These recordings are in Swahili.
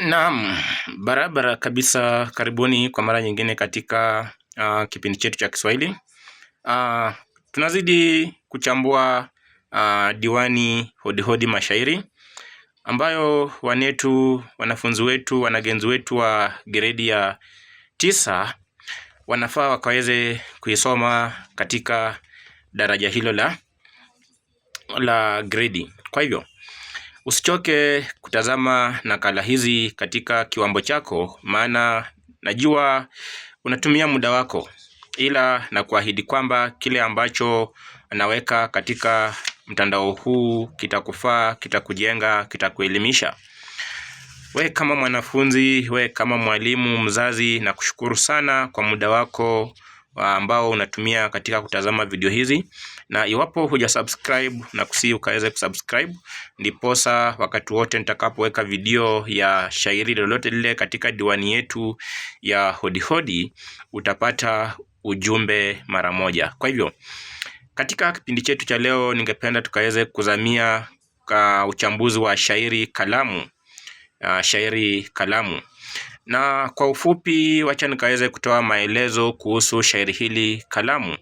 Naam, barabara kabisa. Karibuni kwa mara nyingine katika uh, kipindi chetu cha Kiswahili. Uh, tunazidi kuchambua uh, diwani Hodihodi Mashairi ambayo wanetu, wanafunzi wetu, wanagenzi wetu wa gredi ya tisa wanafaa wakaweze kuisoma katika daraja hilo la la gredi. Kwa hivyo Usichoke kutazama nakala hizi katika kiwambo chako, maana najua unatumia muda wako, ila na kuahidi kwamba kile ambacho naweka katika mtandao huu kitakufaa, kitakujenga, kitakuelimisha. We kama mwanafunzi, we kama mwalimu, mzazi, na kushukuru sana kwa muda wako ambao unatumia katika kutazama video hizi na iwapo subscribe na kusi ukaweze kusubscribe, ndiposa wakati wote nitakapoweka video ya shairi lolote lile katika diwani yetu ya Hodihodi utapata ujumbe mara moja. Kwa hivyo katika kipindi chetu cha leo, ningependa tukaweze kuzamia ka uchambuzi wa shairi kalamu. Uh, shairi kalamu na kwa ufupi, wacha nikaweze kutoa maelezo kuhusu shairi hili kalamu.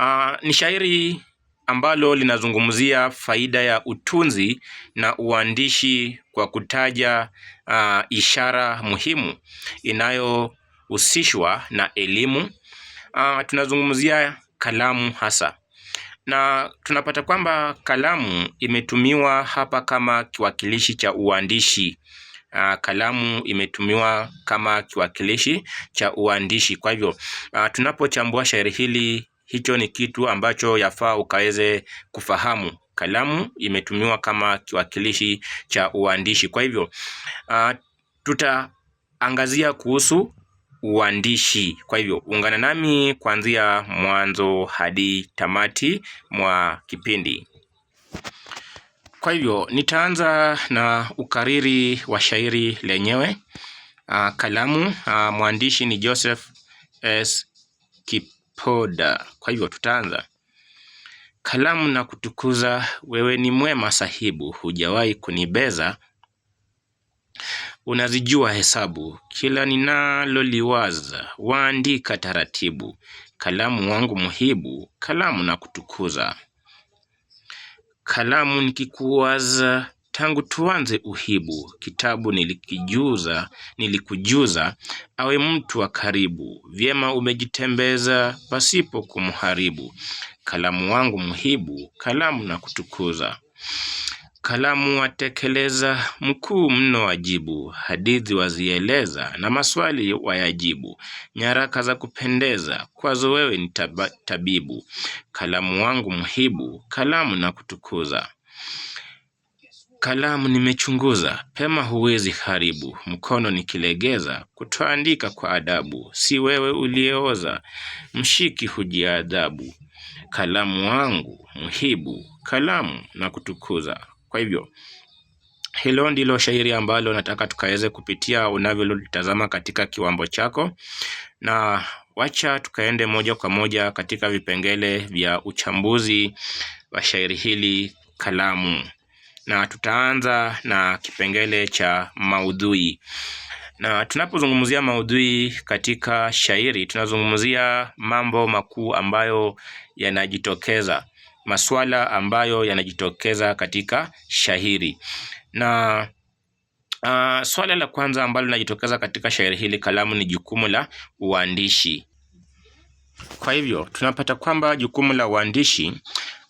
Uh, ni shairi ambalo linazungumzia faida ya utunzi na uandishi kwa kutaja uh, ishara muhimu inayohusishwa na elimu. Uh, tunazungumzia kalamu hasa na tunapata kwamba kalamu imetumiwa hapa kama kiwakilishi cha uandishi. Uh, kalamu imetumiwa kama kiwakilishi cha uandishi. Kwa hivyo uh, tunapochambua shairi hili hicho ni kitu ambacho yafaa ukaweze kufahamu. Kalamu imetumiwa kama kiwakilishi cha uandishi. Kwa hivyo uh, tutaangazia kuhusu uandishi. Kwa hivyo ungana nami kuanzia mwanzo hadi tamati mwa kipindi. Kwa hivyo nitaanza na ukariri wa shairi lenyewe. Uh, kalamu. Uh, mwandishi ni Joseph S. Kip poda. Kwa hivyo tutaanza. Kalamu na kutukuza, wewe ni mwema sahibu, hujawahi kunibeza. Unazijua hesabu, kila ninaloliwaza, waandika taratibu. Kalamu wangu muhibu, kalamu na kutukuza. Kalamu nikikuwaza Tangu tuanze uhibu, kitabu nilikujuza, awe mtu wa karibu, vyema umejitembeza, pasipo kumharibu, kalamu wangu mhibu, kalamu na kutukuza kalamu watekeleza, mkuu mno wajibu, hadithi wazieleza, na maswali wayajibu, nyaraka za kupendeza, kwazo wewe ni tabibu, kalamu wangu mhibu, kalamu na kutukuza. Kalamu nimechunguza, pema huwezi haribu, mkono nikilegeza, kutoandika kwa adabu, si wewe uliyeoza, mshiki hujiadhabu. Kalamu wangu mhibu, kalamu na kutukuza. Kwa hivyo hilo ndilo shairi ambalo nataka tukaweze kupitia unavyolitazama katika kiwambo chako, na wacha tukaende moja kwa moja katika vipengele vya uchambuzi wa shairi hili kalamu na tutaanza na kipengele cha maudhui. Na tunapozungumzia maudhui katika shairi, tunazungumzia mambo makuu ambayo yanajitokeza, masuala ambayo yanajitokeza katika shairi na Uh, swala la kwanza ambalo linajitokeza katika shairi hili kalamu ni jukumu la uandishi. Kwa hivyo tunapata kwamba jukumu la uandishi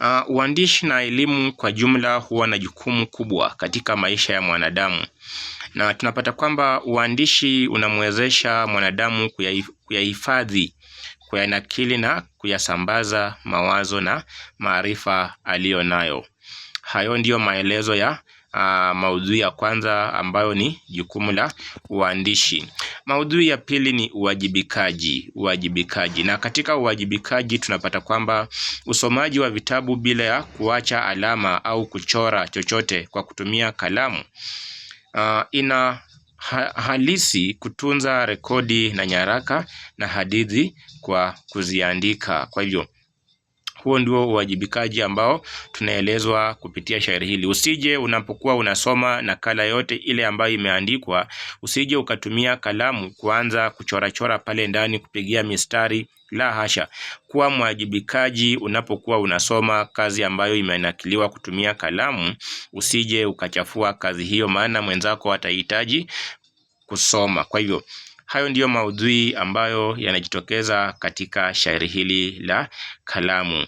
Uh, uandishi na elimu kwa jumla huwa na jukumu kubwa katika maisha ya mwanadamu, na tunapata kwamba uandishi unamwezesha mwanadamu kuyahifadhi, kuyanakili na kuyasambaza mawazo na maarifa aliyo nayo. Hayo ndiyo maelezo ya Ah, maudhui ya kwanza ambayo ni jukumu la uandishi. Maudhui ya pili ni uwajibikaji, uwajibikaji. Na katika uwajibikaji tunapata kwamba usomaji wa vitabu bila ya kuacha alama au kuchora chochote kwa kutumia kalamu uh, ina ha halisi kutunza rekodi na nyaraka na hadithi kwa kuziandika. Kwa hivyo huo ndio uwajibikaji ambao tunaelezwa kupitia shairi hili. Usije unapokuwa unasoma nakala yote ile ambayo imeandikwa, usije ukatumia kalamu kuanza kuchorachora pale ndani, kupigia mistari la hasha. Kuwa mwajibikaji unapokuwa unasoma kazi ambayo imenakiliwa kutumia kalamu, usije ukachafua kazi hiyo, maana mwenzako atahitaji kusoma. Kwa hivyo Hayo ndiyo maudhui ambayo yanajitokeza katika shairi hili la Kalamu.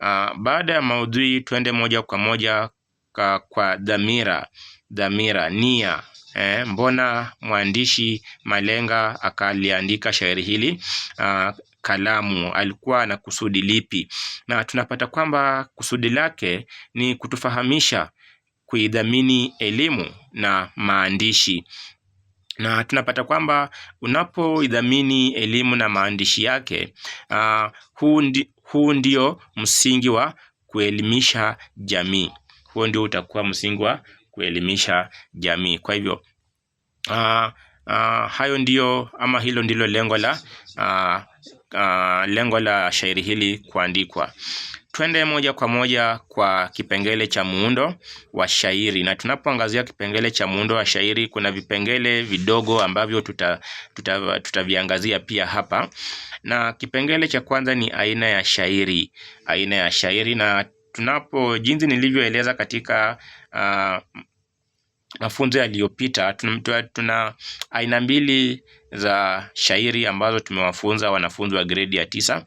Uh, baada ya maudhui tuende moja kwa moja kwa, kwa dhamira dhamira nia eh, mbona mwandishi Malenga akaliandika shairi hili uh, Kalamu alikuwa na kusudi lipi? Na tunapata kwamba kusudi lake ni kutufahamisha kuidhamini elimu na maandishi na tunapata kwamba unapoidhamini elimu na maandishi yake, uh, huu, ndi, huu ndio msingi wa kuelimisha jamii. Huo ndio utakuwa msingi wa kuelimisha jamii. Kwa hivyo uh, uh, hayo ndio ama hilo ndilo lengo la uh, uh, lengo la shairi hili kuandikwa. Twende moja kwa moja kwa kipengele cha muundo wa shairi, na tunapoangazia kipengele cha muundo wa shairi, kuna vipengele vidogo ambavyo tutaviangazia tuta, tuta pia hapa, na kipengele cha kwanza ni aina ya shairi, aina ya shairi na tunapo jinsi nilivyoeleza katika uh, mafunzo yaliyopita tuna, tuna aina mbili za shairi ambazo tumewafunza wanafunzi wa gredi ya tisa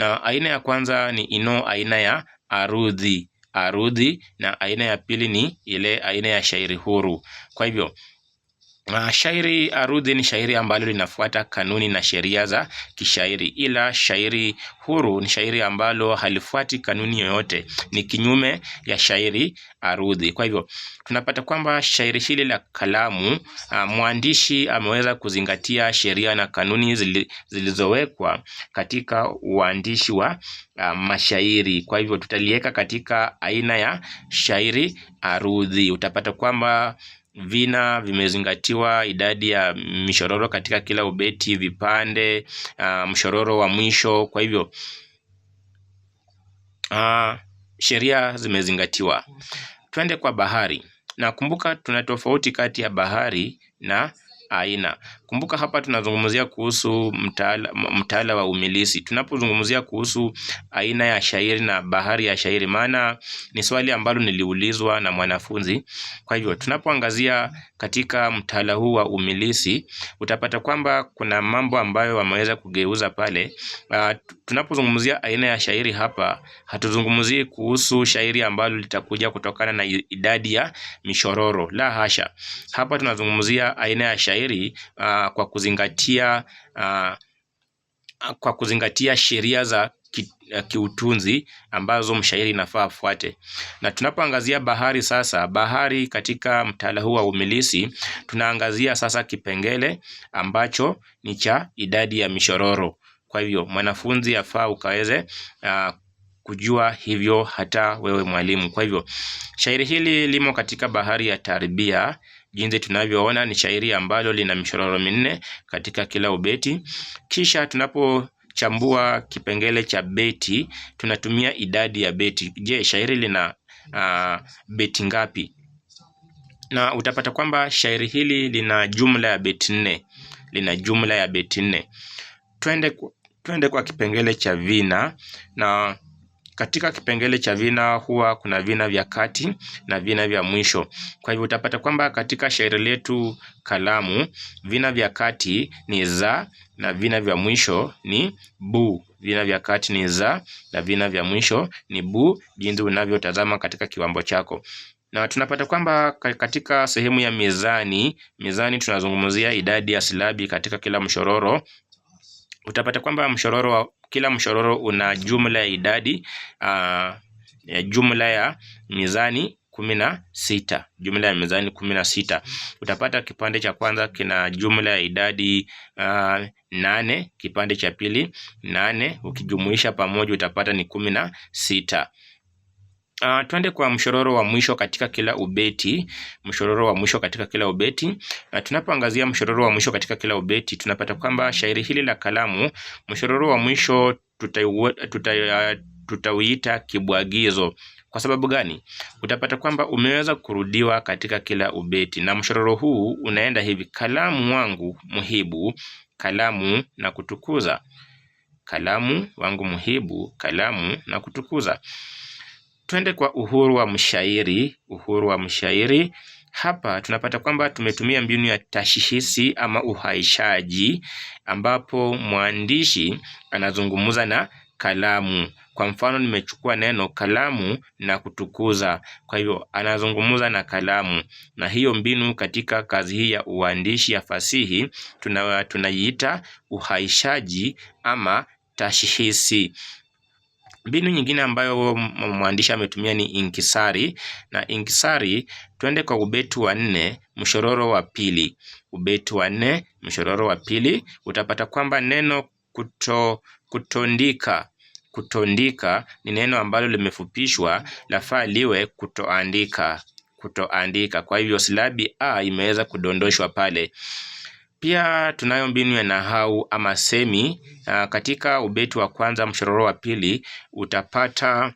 na aina ya kwanza ni ino aina ya arudhi arudhi, na aina ya pili ni ile aina ya shairi huru. Kwa hivyo Uh, shairi arudhi ni shairi ambalo linafuata kanuni na sheria za kishairi, ila shairi huru ni shairi ambalo halifuati kanuni yoyote, ni kinyume ya shairi arudhi. Kwa hivyo tunapata kwamba shairi hili la Kalamu, uh, mwandishi ameweza kuzingatia sheria na kanuni zilizowekwa katika uandishi wa uh, mashairi. Kwa hivyo tutaliweka katika aina ya shairi arudhi, utapata kwamba vina vimezingatiwa idadi ya mishororo katika kila ubeti, vipande, uh, mshororo wa mwisho. Kwa hivyo uh, sheria zimezingatiwa. Twende kwa bahari, nakumbuka tuna tofauti kati ya bahari na aina. Kumbuka hapa tunazungumzia kuhusu mtaala, mtaala wa umilisi. Tunapozungumzia kuhusu aina ya shairi na bahari ya shairi, maana ni swali ambalo niliulizwa na mwanafunzi. Kwa hivyo tunapoangazia katika mtaala huu wa umilisi, utapata kwamba kuna mambo ambayo wameweza kugeuza pale. Uh, tunapozungumzia aina ya shairi hapa, hatuzungumzii kuhusu shairi ambalo litakuja kutokana na idadi ya mishororo, la hasha. Hapa tunazungumzia aina ya shairi uh, kwa kuzingatia uh, kwa kuzingatia sheria za ki, uh, kiutunzi ambazo mshairi inafaa afuate. Na tunapoangazia bahari sasa, bahari katika mtaala huu wa umilisi tunaangazia sasa kipengele ambacho ni cha idadi ya mishororo. Kwa hivyo mwanafunzi afaa ukaweze uh, kujua hivyo hata wewe mwalimu. Kwa hivyo shairi hili limo katika bahari ya tarbia. Jinsi tunavyoona ni shairi ambalo lina mishororo minne katika kila ubeti. Kisha tunapochambua kipengele cha beti, tunatumia idadi ya beti. Je, shairi lina uh, beti ngapi? Na utapata kwamba shairi hili lina jumla ya beti nne, lina jumla ya beti nne. Twende, twende kwa kipengele cha vina na katika kipengele cha vina huwa kuna vina vya kati na vina vya mwisho. Kwa hivyo utapata kwamba katika shairi letu Kalamu, vina vya kati ni za na vina vya mwisho ni bu. Vina vya kati ni za na vina vya mwisho ni bu, jinsi unavyotazama katika kiwambo chako na tunapata kwamba katika sehemu ya mizani, mizani tunazungumzia idadi ya silabi katika kila mshororo. Utapata kwamba mshororo kila mshororo una jumla ya idadi uh, jumla ya mizani kumi na sita jumla ya mizani kumi na sita. Utapata kipande cha kwanza kina jumla ya idadi uh, nane, kipande cha pili nane, ukijumuisha pamoja utapata ni kumi na sita. Uh, twende kwa mshororo wa mwisho katika kila ubeti. Mshororo wa mwisho katika kila ubeti. Uh, tunapoangazia mshororo wa mwisho katika kila ubeti, tunapata kwamba shairi hili la Kalamu, mshororo wa mwisho tutauita tuta, tuta kibwagizo. Kwa sababu gani? Utapata kwamba umeweza kurudiwa katika kila ubeti, na mshororo huu unaenda hivi: kalamu wangu muhibu, kalamu na kutukuza, kalamu wangu muhibu, kalamu na kutukuza. Twende kwa uhuru wa mshairi. Uhuru wa mshairi hapa tunapata kwamba tumetumia mbinu ya tashihisi ama uhaishaji, ambapo mwandishi anazungumza na kalamu. Kwa mfano, nimechukua neno kalamu na kutukuza, kwa hivyo anazungumza na kalamu, na hiyo mbinu katika kazi hii ya uandishi ya fasihi tunaiita uhaishaji ama tashihisi. Mbinu nyingine ambayo mwandishi ametumia ni inkisari, na inkisari, twende kwa ubetu wa nne mshororo wa pili. Ubetu wa nne mshororo wa pili, utapata kwamba neno kuto, kutondika kutondika ni neno ambalo limefupishwa, lafaa liwe kutoandika kutoandika. Kwa hivyo silabi a imeweza kudondoshwa pale. Pia tunayo mbinu ya nahau ama semi. Ah, katika ubeti wa kwanza mshororo wa pili utapata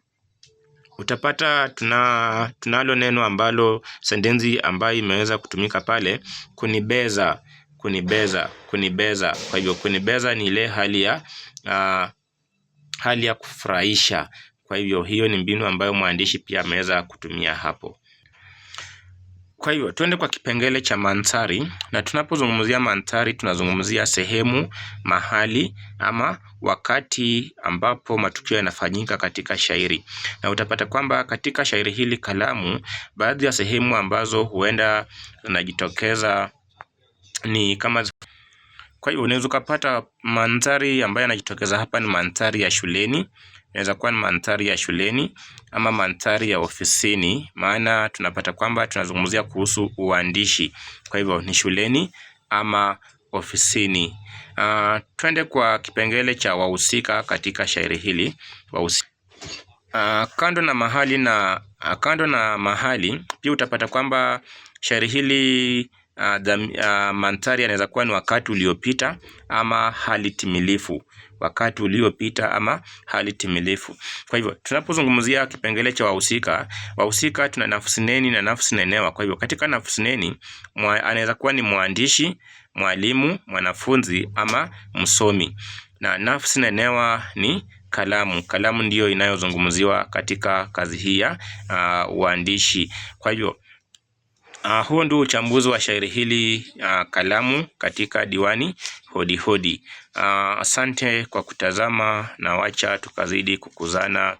utapata tuna, tunalo neno ambalo sentensi ambayo imeweza kutumika pale kunibeza kunibeza kunibeza. Kwa hivyo kunibeza ni ile hali ya uh, hali ya kufurahisha. Kwa hivyo hiyo ni mbinu ambayo mwandishi pia ameweza kutumia hapo. Kwa hiyo tuende kwa kipengele cha mandhari, na tunapozungumzia mandhari tunazungumzia sehemu, mahali ama wakati ambapo matukio yanafanyika katika shairi, na utapata kwamba katika shairi hili kalamu, baadhi ya sehemu ambazo huenda zinajitokeza ni kama kwa hiyo unaweza ukapata mandhari ambayo yanajitokeza hapa ni mandhari ya shuleni. Inaweza kuwa ni mandhari ya shuleni ama mandhari ya ofisini, maana tunapata kwamba tunazungumzia kuhusu uandishi. Kwa hivyo ni shuleni ama ofisini. Uh, twende kwa kipengele cha wahusika katika shairi hili. Wahusika. Uh, kando na mahali na uh, kando na mahali pia utapata kwamba shairi hili uh, uh, mandhari yanaweza kuwa ni wakati uliopita ama hali timilifu wakati uliopita ama hali timilifu. Kwa hivyo tunapozungumzia kipengele cha wahusika, wahusika tuna nafsi neni na nafsi nenewa. Kwa hivyo katika nafsi neni anaweza kuwa ni mwandishi, mwalimu, mwanafunzi ama msomi, na nafsi nenewa ni kalamu. Kalamu ndiyo inayozungumziwa katika kazi hii ya ah, uandishi. Kwa hivyo Uh, huo ndio uchambuzi wa shairi hili uh, Kalamu katika diwani Hodi Hodi. Uh, asante kwa kutazama na wacha tukazidi kukuzana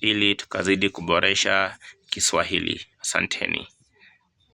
ili tukazidi kuboresha Kiswahili. Asanteni.